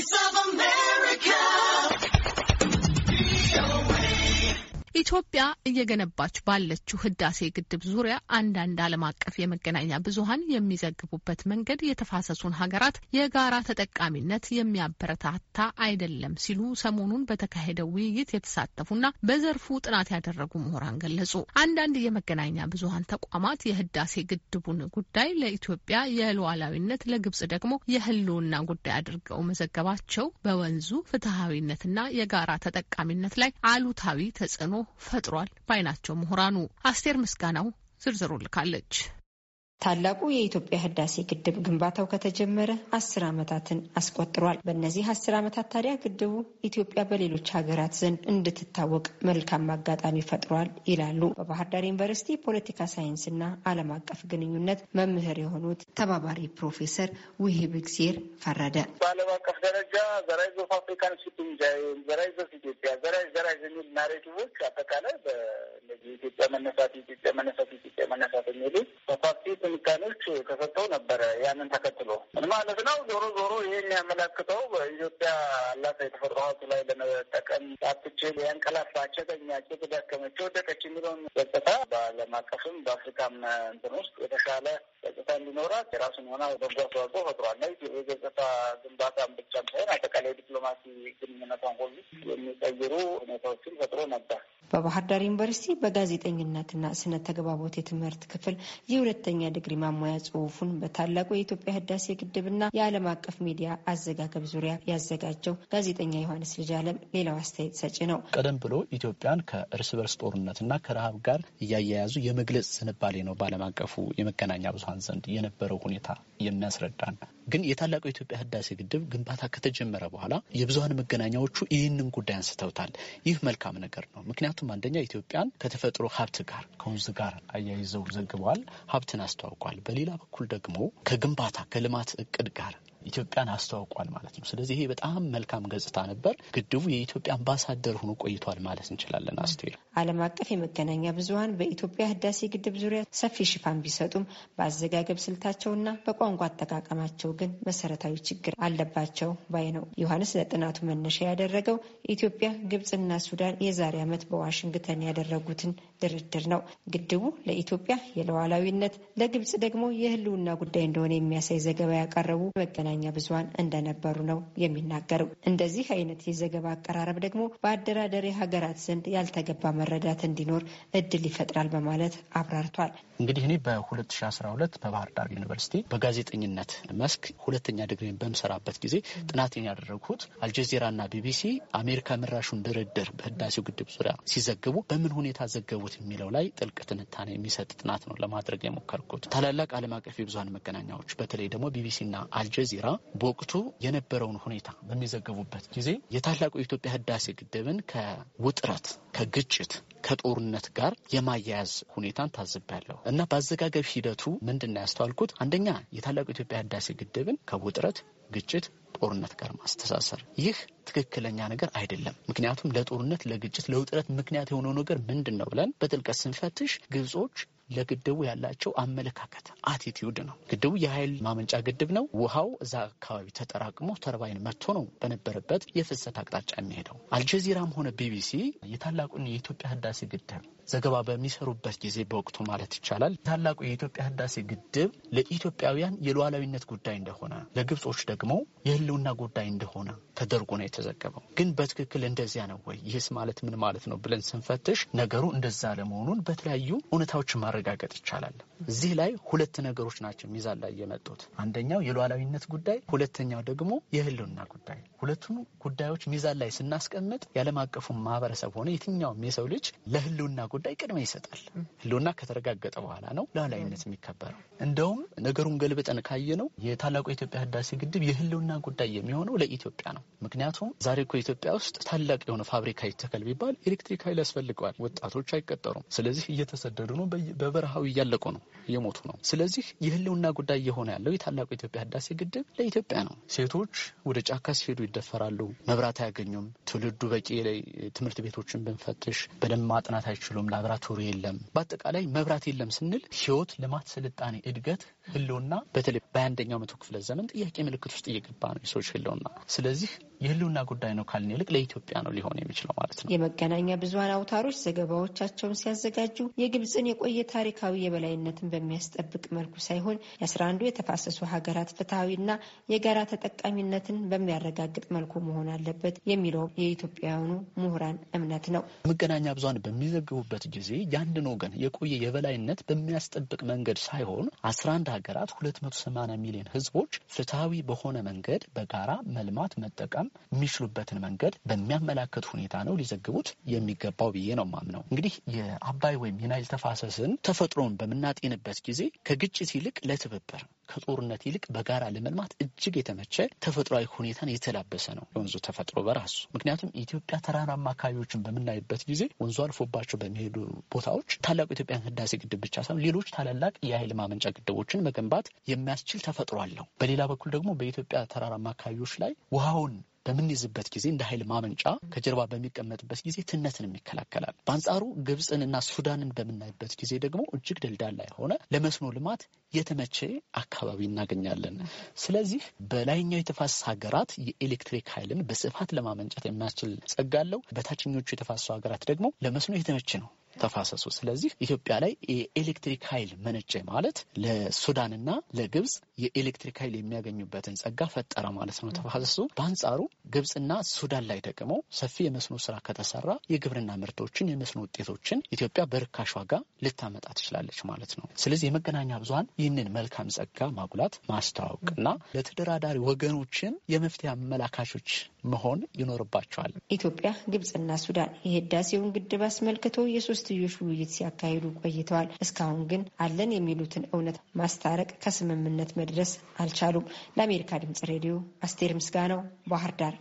voice of ኢትዮጵያ እየገነባች ባለችው ህዳሴ ግድብ ዙሪያ አንዳንድ ዓለም አቀፍ የመገናኛ ብዙሀን የሚዘግቡበት መንገድ የተፋሰሱን ሀገራት የጋራ ተጠቃሚነት የሚያበረታታ አይደለም ሲሉ ሰሞኑን በተካሄደው ውይይት የተሳተፉና በዘርፉ ጥናት ያደረጉ ምሁራን ገለጹ። አንዳንድ የመገናኛ ብዙሀን ተቋማት የህዳሴ ግድቡን ጉዳይ ለኢትዮጵያ የሉዓላዊነት ለግብጽ ደግሞ የህልውና ጉዳይ አድርገው መዘገባቸው በወንዙ ፍትሐዊነትና የጋራ ተጠቃሚነት ላይ አሉታዊ ተጽዕኖ ፈጥሯል ባይናቸው ምሁራኑ። አስቴር ምስጋናው ዝርዝሩ ልካለች። ታላቁ የኢትዮጵያ ህዳሴ ግድብ ግንባታው ከተጀመረ አስር ዓመታትን አስቆጥሯል። በእነዚህ አስር ዓመታት ታዲያ ግድቡ ኢትዮጵያ በሌሎች ሀገራት ዘንድ እንድትታወቅ መልካም አጋጣሚ ፈጥሯል ይላሉ በባህር ዳር ዩኒቨርሲቲ ፖለቲካ ሳይንስና ዓለም አቀፍ ግንኙነት መምህር የሆኑት ተባባሪ ፕሮፌሰር ውሄ ብግዜር ፈረደ። በዓለም አቀፍ ደረጃ ዘራይዝ ኦፍ አፍሪካን ሽፒንግ ዘራይዝ ኦፍ ኢትዮጵያ ዘራይዝ ዘራይዝ የሚል ናሬቲቮች አጠቃላይ ኢትዮጵያ መነሳት ኢትዮጵያ መነሳት ኢትዮጵያ መነሳት የሚሉ ትንታኔዎች ተሰጥተው ነበረ። ያንን ተከትሎ ምን ማለት ነው? ዞሮ ዞሮ ይህ የሚያመላክተው በኢትዮጵያ አላት የተፈጥሮ ሀብት ላይ ለመጠቀም አትችል ያንቀላፋች፣ ተኛች፣ የተዳከመች፣ ወደቀች የሚለውን ገጽታ በዓለም አቀፍም በአፍሪካም እንትን ውስጥ የተሻለ ገጽታ እንዲኖራት የራሱን ሆነ በጎ አስተዋጽኦ ፈጥሯል። የገጽታ ግንባታን ብቻ ሳይሆን አጠቃላይ ዲፕሎማሲ ግንኙነቷን ሁሉ የሚቀይሩ ሁኔታዎችን ፈጥሮ ነበር። በባህር ዳር ዩኒቨርሲቲ በጋዜጠኝነትና ስነ ተግባቦት የትምህርት ክፍል የሁለተኛ ዲግሪ ማሟያ ጽሁፉን በታላቁ የኢትዮጵያ ህዳሴ ግድብና የዓለም አቀፍ ሚዲያ አዘጋገብ ዙሪያ ያዘጋጀው ጋዜጠኛ ዮሐንስ ልጅ አለም ሌላው አስተያየት ሰጪ ነው። ቀደም ብሎ ኢትዮጵያን ከእርስ በርስ ጦርነትና ከረሃብ ጋር እያያያዙ የመግለጽ ዝንባሌ ነው በዓለም አቀፉ የመገናኛ ብዙሀን ዘንድ የነበረው ሁኔታ የሚያስረዳን ግን የታላቁ የኢትዮጵያ ህዳሴ ግድብ ግንባታ ከተጀመረ በኋላ የብዙሀን መገናኛዎቹ ይህንን ጉዳይ አንስተውታል። ይህ መልካም ነገር ነው ምክንያቱ ምክንያቱም አንደኛ ኢትዮጵያን ከተፈጥሮ ሀብት ጋር ከወንዝ ጋር አያይዘው ዘግበዋል፣ ሀብትን አስተዋውቋል። በሌላ በኩል ደግሞ ከግንባታ ከልማት እቅድ ጋር ኢትዮጵያን አስተዋውቋል ማለት ነው። ስለዚህ ይሄ በጣም መልካም ገጽታ ነበር። ግድቡ የኢትዮጵያ አምባሳደር ሆኖ ቆይቷል ማለት እንችላለን። አስቴር፣ ዓለም አቀፍ የመገናኛ ብዙኃን በኢትዮጵያ ህዳሴ ግድብ ዙሪያ ሰፊ ሽፋን ቢሰጡም በአዘጋገብ ስልታቸውና በቋንቋ አጠቃቀማቸው ግን መሰረታዊ ችግር አለባቸው ባይ ነው። ዮሐንስ ለጥናቱ መነሻ ያደረገው ኢትዮጵያ፣ ግብጽና ሱዳን የዛሬ ዓመት በዋሽንግተን ያደረጉትን ድርድር ነው። ግድቡ ለኢትዮጵያ የለዋላዊነት ለግብጽ ደግሞ የህልውና ጉዳይ እንደሆነ የሚያሳይ ዘገባ ያቀረቡ መገናኛ መገናኛ ብዙሀን እንደነበሩ ነው የሚናገረው። እንደዚህ አይነት የዘገባ አቀራረብ ደግሞ በአደራደሪ ሀገራት ዘንድ ያልተገባ መረዳት እንዲኖር እድል ይፈጥራል በማለት አብራርቷል። እንግዲህ እኔ በ2012 በባህር ዳር ዩኒቨርሲቲ በጋዜጠኝነት መስክ ሁለተኛ ዲግሪን በምሰራበት ጊዜ ጥናቴን ያደረግኩት አልጀዚራና ቢቢሲ አሜሪካ ምራሹን ድርድር በህዳሴው ግድብ ዙሪያ ሲዘግቡ በምን ሁኔታ ዘገቡት የሚለው ላይ ጥልቅ ትንታኔ የሚሰጥ ጥናት ነው ለማድረግ የሞከርኩት። ታላላቅ ዓለም አቀፍ የብዙሀን መገናኛዎች በተለይ ደግሞ ቢቢሲና አልጀዚራ ባንዲራ በወቅቱ የነበረውን ሁኔታ በሚዘገቡበት ጊዜ የታላቁ የኢትዮጵያ ህዳሴ ግድብን ከውጥረት፣ ከግጭት፣ ከጦርነት ጋር የማያያዝ ሁኔታን ታዝቤያለሁ እና በአዘጋገብ ሂደቱ ምንድን ነው ያስተዋልኩት? አንደኛ የታላቁ የኢትዮጵያ ህዳሴ ግድብን ከውጥረት፣ ግጭት፣ ጦርነት ጋር ማስተሳሰር ይህ ትክክለኛ ነገር አይደለም። ምክንያቱም ለጦርነት፣ ለግጭት፣ ለውጥረት ምክንያት የሆነው ነገር ምንድን ነው ብለን በጥልቀት ስንፈትሽ ግብጾች ለግድቡ ያላቸው አመለካከት አቲቲዩድ ነው። ግድቡ የኃይል ማመንጫ ግድብ ነው። ውሃው እዛ አካባቢ ተጠራቅሞ ተርባይን መጥቶ ነው በነበረበት የፍሰት አቅጣጫ የሚሄደው። አልጀዚራም ሆነ ቢቢሲ የታላቁን የኢትዮጵያ ህዳሴ ግድብ ዘገባ በሚሰሩበት ጊዜ በወቅቱ ማለት ይቻላል ታላቁ የኢትዮጵያ ህዳሴ ግድብ ለኢትዮጵያውያን የሉዓላዊነት ጉዳይ እንደሆነ፣ ለግብጾች ደግሞ የህልውና ጉዳይ እንደሆነ ተደርጎ ነው የተዘገበው። ግን በትክክል እንደዚያ ነው ወይ? ይህስ ማለት ምን ማለት ነው ብለን ስንፈትሽ ነገሩ እንደዛ ለመሆኑን በተለያዩ እውነታዎች ማረጋገጥ ይቻላል። እዚህ ላይ ሁለት ነገሮች ናቸው ሚዛን ላይ የመጡት። አንደኛው የሉዓላዊነት ጉዳይ፣ ሁለተኛው ደግሞ የህልውና ጉዳይ። ሁለቱም ጉዳዮች ሚዛን ላይ ስናስቀምጥ የዓለም አቀፉ ማህበረሰብ ሆነ የትኛውም የሰው ልጅ ለህልውና ጉዳይ ቅድሚያ ይሰጣል። ህልውና ከተረጋገጠ በኋላ ነው ሉዓላዊነት የሚከበረው። እንደውም ነገሩን ገልብጠን ካየ ነው የታላቁ የኢትዮጵያ ህዳሴ ግድብ የህልውና ጉዳይ የሚሆነው ለኢትዮጵያ ነው። ምክንያቱም ዛሬ እኮ ኢትዮጵያ ውስጥ ታላቅ የሆነ ፋብሪካ ይተከል ቢባል ኤሌክትሪክ ኃይል ያስፈልገዋል። ወጣቶች አይቀጠሩም። ስለዚህ እየተሰደዱ ነው፣ በበረሃው እያለቁ ነው፣ እየሞቱ ነው። ስለዚህ የህልውና ጉዳይ እየሆነ ያለው የታላቁ የኢትዮጵያ ህዳሴ ግድብ ለኢትዮጵያ ነው። ሴቶች ወደ ጫካ ሲሄዱ ይደፈራሉ፣ መብራት አያገኙም። ትውልዱ በቂ ትምህርት ቤቶችን ብንፈትሽ በደንብ ማጥናት አይችሉም። ላብራቶሪ የለም፣ በአጠቃላይ መብራት የለም ስንል ህይወት፣ ልማት፣ ስልጣኔ፣ እድገት፣ ህልውና በተለይ በአንደኛው መቶ ክፍለ ዘመን ጥያቄ ምልክት ውስጥ እየገባ ነው የሰዎች ህልውና። ስለዚህ የህልውና ጉዳይ ነው ካልን ይልቅ ለኢትዮጵያ ነው ሊሆን የሚችለው ማለት ነው። የመገናኛ ብዙሀን አውታሮች ዘገባዎቻቸውን ሲያዘጋጁ የግብፅን የቆየ ታሪካዊ የበላይነትን በሚያስጠብቅ መልኩ ሳይሆን የአስራአንዱ የተፋሰሱ ሀገራት ፍትሐዊና የጋራ ተጠቃሚነትን በሚያረጋግጥ መልኩ መሆን አለበት የሚለው የኢትዮጵያውያኑ ምሁራን እምነት ነው። መገናኛ ብዙሀን በሚዘግቡ በሚያደርጉበት ጊዜ የአንድን ወገን የቆየ የበላይነት በሚያስጠብቅ መንገድ ሳይሆን 11 ሀገራት 280 ሚሊዮን ህዝቦች ፍትሐዊ በሆነ መንገድ በጋራ መልማት መጠቀም የሚችሉበትን መንገድ በሚያመላክት ሁኔታ ነው ሊዘግቡት የሚገባው ብዬ ነው ማምነው። እንግዲህ የአባይ ወይም የናይል ተፋሰስን ተፈጥሮን በምናጤንበት ጊዜ ከግጭት ይልቅ ለትብብር ከጦርነት ይልቅ በጋራ ለመልማት እጅግ የተመቸ ተፈጥሯዊ ሁኔታን የተላበሰ ነው የወንዙ ተፈጥሮ በራሱ። ምክንያቱም ኢትዮጵያ ተራራማ አካባቢዎችን በምናይበት ጊዜ ወንዙ አልፎባቸው በሚሄዱ ቦታዎች ታላቁ የኢትዮጵያ ህዳሴ ግድብ ብቻ ሳይሆን ሌሎች ታላላቅ የኃይል ማመንጫ ግድቦችን መገንባት የሚያስችል ተፈጥሮ አለው። በሌላ በኩል ደግሞ በኢትዮጵያ ተራራማ አካባቢዎች ላይ ውሃውን በምንይዝበት ጊዜ እንደ ኃይል ማመንጫ ከጀርባ በሚቀመጥበት ጊዜ ትነትን ይከላከላል። በአንጻሩ ግብፅንና ሱዳንን በምናይበት ጊዜ ደግሞ እጅግ ደልዳላ የሆነ ለመስኖ ልማት የተመቸ አካባቢ እናገኛለን። ስለዚህ በላይኛው የተፋሰስ ሀገራት የኤሌክትሪክ ኃይልን በስፋት ለማመንጨት የሚያስችል ጸጋ አለው። በታችኞቹ የተፋሰሱ ሀገራት ደግሞ ለመስኖ የተመቸ ነው። ተፋሰሱ። ስለዚህ ኢትዮጵያ ላይ የኤሌክትሪክ ኃይል መነጨ ማለት ለሱዳንና ለግብጽ የኤሌክትሪክ ኃይል የሚያገኙበትን ጸጋ ፈጠረ ማለት ነው ተፋሰሱ። በአንጻሩ ግብጽና ሱዳን ላይ ደግሞ ሰፊ የመስኖ ስራ ከተሰራ የግብርና ምርቶችን የመስኖ ውጤቶችን ኢትዮጵያ በርካሽ ዋጋ ልታመጣ ትችላለች ማለት ነው። ስለዚህ የመገናኛ ብዙሀን ይህንን መልካም ጸጋ ማጉላት ማስተዋወቅና ለተደራዳሪ ወገኖችን የመፍትሄ አመላካቾች መሆን ይኖርባቸዋል። ኢትዮጵያ፣ ግብጽና ሱዳን የህዳሴውን ግድብ አስመልክቶ የሶስትዮሽ ውይይት ሲያካሂዱ ቆይተዋል። እስካሁን ግን አለን የሚሉትን እውነት ማስታረቅ ከስምምነት መድረስ አልቻሉም። ለአሜሪካ ድምጽ ሬዲዮ አስቴር ምስጋናው ባህር ዳር